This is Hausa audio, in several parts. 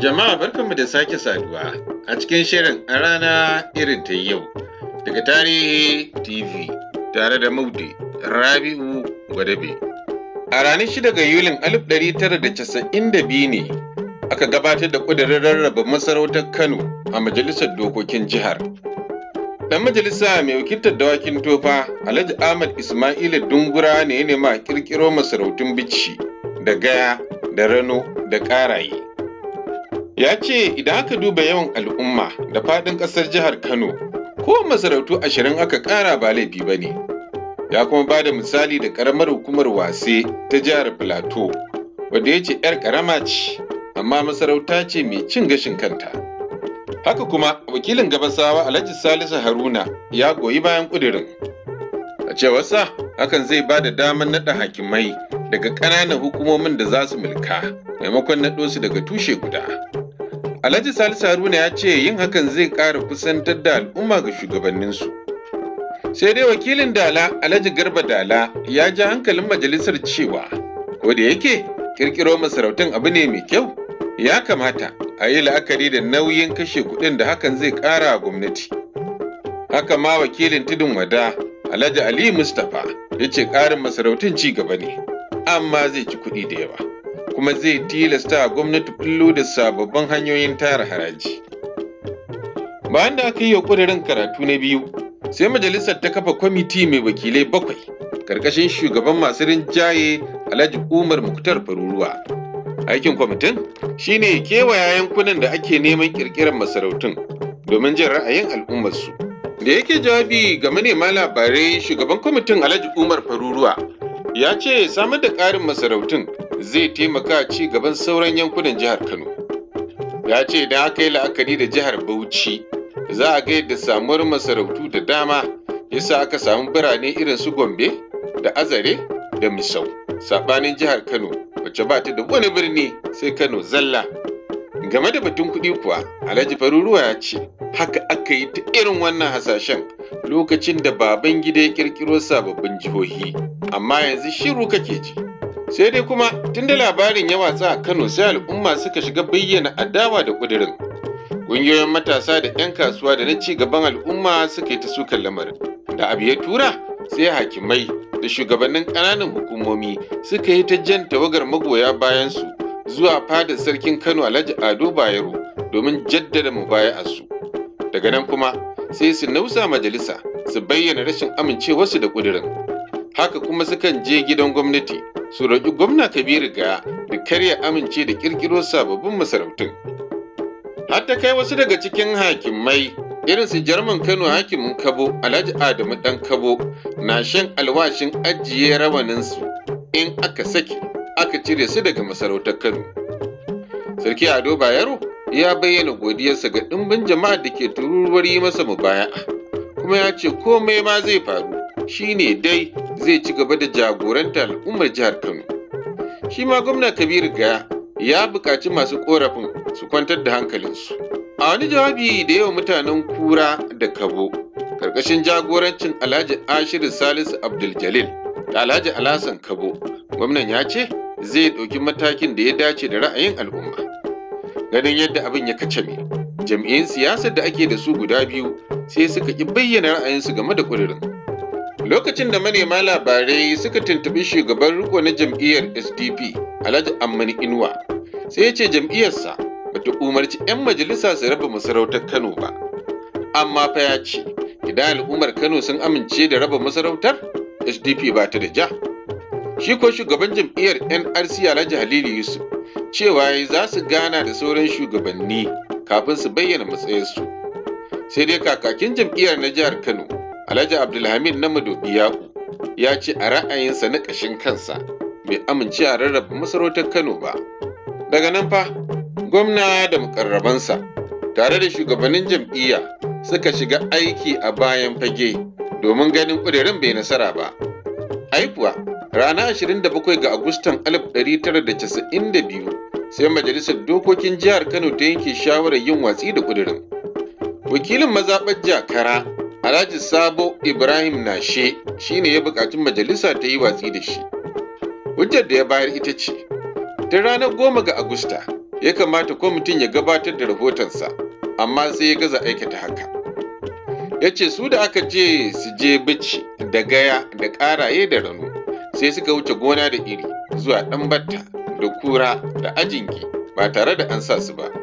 Jama'a barkanmu da sake saduwa a cikin shirin a rana irin ta yau daga tarihi TV tare da Maudi Rabi'u Gwadabe. A ranar 6 ga Yulin 1992 ne aka gabatar da ƙudurin rarraba masarautar Kano a Majalisar Dokokin Jihar. Ɗan majalisa mai wakiltar dawakin tofa Alhaji Ahmad Ismaila Dungura ne ya nema kirkiro masarautun bici da gaya da rano da ƙaraye. Ya ce idan aka duba yawan al'umma da faɗin ƙasar jihar Kano, ko masarautu ashirin aka ƙara ba laifi ba ne. Ya kuma ba da misali da ƙaramar hukumar wase ta jihar Filato, wadda ya ce ‘yar ƙarama ce, amma masarauta ce mai cin gashin kanta. Haka kuma wakilin gabasawa Alhaji Salisu Haruna ya goyi bayan ƙudirin. A cewarsa, hakan zai ba da damar naɗa hakimai daga ƙananan hukumomin da za su mulka maimakon naɗo su daga tushe guda. Alhaji Salisu Haruna ya ce yin hakan zai ƙara kusantar da al'umma ga shugabanninsu. Sai dai wakilin Dala Alhaji Garba Dala ya ja hankalin majalisar cewa ko da yake kirkiro masarautun abu ne mai kyau ya kamata a yi la'akari da nauyin kashe kuɗin da hakan zai ƙara a gwamnati. Haka ma wakilin tudun wada Alhaji Ali Mustapha ya ce ƙarin masarautun ci gaba ne, amma zai ci kuɗi da yawa. kuma zai tilasta a gwamnati kullu da sababbin hanyoyin tara haraji. Bayan da aka yi ƙudurin karatu na biyu, sai majalisar ta kafa kwamiti mai wakilai bakwai, ƙarƙashin shugaban masu rinjaye Alhaji Umar Muktar Faruruwa. Aikin kwamitin shi ne kewaya yankunan da ake neman ƙirƙirar masarautun domin jin ra'ayin al'ummarsu. Da yake jawabi ga manema labarai shugaban kwamitin Alhaji Umar Faruruwa ya ce samar da ƙarin masarautun zai taimaka ci gaban sauran yankunan jihar Kano. Ya ce idan aka yi la'akari da jihar Bauchi za a ga yadda samuwar masarautu da dama yasa aka samu birane irin su Gombe da Azare da Misau. Saɓanin jihar Kano wacce ba ta da wani birni sai Kano zalla. Game da batun kuɗi kuwa Alhaji Faruruwa ya ce haka aka yi ta irin wannan hasashen lokacin da baban gida ya ƙirƙiro sababbin jihohi amma yanzu shiru kake ji. Sai dai kuma tunda labarin ya watsa a Kano sai al'umma suka shiga bayyana adawa da ƙudirin. Ƙungiyoyin matasa da 'yan kasuwa da na ci gaban al'umma suka yi ta sukan lamarin. Da abu ya tura sai hakimai da shugabannin ƙananan hukumomi suka yi ta jan tawagar magoya bayansu zuwa fadar sarkin Kano Alhaji Ado Bayero domin jaddada mu baya su Daga nan kuma sai su nausa majalisa su bayyana rashin amincewarsu da ƙudirin. Haka kuma sukan je gidan gwamnati su roƙi gwamna kabiru ga da karya amince da ƙirƙiro sababbin masarautun har ta kai wasu daga cikin hakimai irin su jarman kano hakimin kabo alhaji adamu dan kabo na shan alwashin ajiye rawaninsu in aka saki aka cire su daga masarautar kano sarki ado bayero ya bayyana godiyarsa ga ɗimbin jama'a da ke tururuwar yi masa mubaya'a kuma ya ce komai ma zai faru shine dai zai ci gaba da jagoranta al'ummar jihar Kano. Shi ma gwamna Kabiru Gaya ya buƙaci masu ƙorafin su kwantar da hankalinsu. A wani jawabi da yawa mutanen kura da kabo, ƙarƙashin jagorancin Alhaji Ashiru Salisu Abdul Jalil da Alhaji Alhassan Kabo, gwamnan ya ce zai ɗauki matakin da ya dace da ra'ayin al'umma. Ganin yadda abin ya kace kacame, jam'iyyun siyasar da ake da su guda biyu sai suka ƙi bayyana ra'ayinsu game da ƙudurin. Lokacin da manema labarai suka tuntubi shugaban riko na jam'iyyar SDP, Alhaji Ammani Inuwa, sai ya ce jam'iyyarsa bata umarci 'yan majalisa su raba masarautar Kano ba. Amma fa ya ce, idan al'ummar Kano sun amince da raba masarautar, SDP ba ta da ja. Shi ko shugaban jam'iyyar NRC Alhaji halili Yusuf cewa za su gana da sauran shugabanni kafin su bayyana matsayinsu. Sai dai kakakin jam'iyyar na jihar Kano, Alhaji Abdulhamid na Madobi Yaku ya ce a ra'ayinsa na ƙashin kansa bai amince a rarraba masarautar Kano ba. Daga nan fa, gwamna da mukarrabansa tare da shugabannin jam'iyya suka shiga aiki a bayan fage domin ganin ƙudurin bai nasara ba. Aikuwa, rana 27 ga Agustan 1992 sai Majalisar Dokokin Jihar Kano ta yanke shawarar yin watsi da ƙudurin. Wakilin mazaɓar jakara Alhaji Sabo Ibrahim Nashe shi ne ya buƙaci majalisa ta yi watsi da shi. Hujjar da ya bayar ita ce, ta ranar goma ga Agusta ya kamata mutum ya gabatar da rahotonsa, amma sai ya gaza aikata haka. Ya ce su da aka je su je bici da gaya da ƙaraye da rano sai suka wuce gona da iri zuwa ɗan batta da kura da ajingi ba tare da an sa su ba.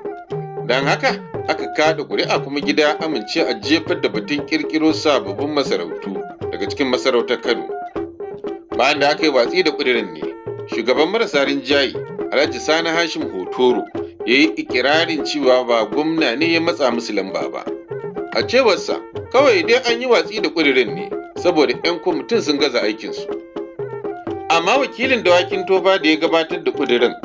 Don haka, aka kada ƙuri'a kuma gida amince a jefar da batun ƙirƙiro sababbin masarautu daga cikin masarautar Kano. Bayan da aka yi watsi da kudirin ne, shugaban marasa rinjaye Alhaji Sani Hashim Hotoro ya yi ikirarin cewa ba gwamna ne ya matsa musu lamba ba. A cewarsa, kawai dai an yi watsi da ƙudirin ne saboda 'yan kwamitin sun gaza aikinsu. Amma wakilin dawakin tofa da ya gabatar da ƙudirin,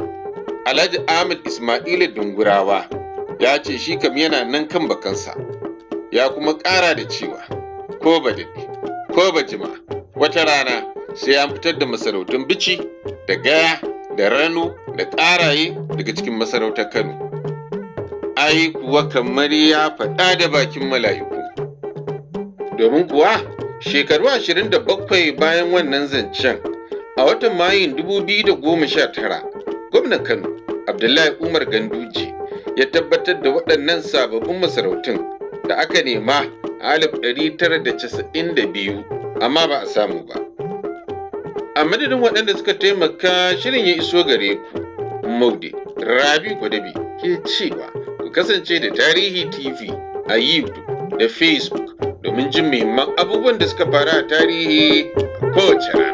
Alhaji Ahmed Ismaila Dungurawa ya ce shi kam yana nan kan bakansa ya kuma ƙara da cewa ko ba ko ba jima wata rana sai an fitar da masarautun bici da gaya da rano da ƙaraye daga cikin masarautar kano ai kuwa kamar ya faɗa da bakin mala'iku domin kuwa shekaru ashirin da bakwai bayan wannan zancen a watan mayun 2019 gwamnan kano abdullahi umar ganduje ya tabbatar da waɗannan sababbin masarautun da aka nema a 1992 amma ba a samu ba. A madadin waɗanda suka taimaka shirin ya iso gare ku, Maude, Rabi Gwadabi ke cewa ku kasance da Tarihi TV a YouTube da Facebook domin jin muhimman abubuwan da suka fara a tarihi kowace rana.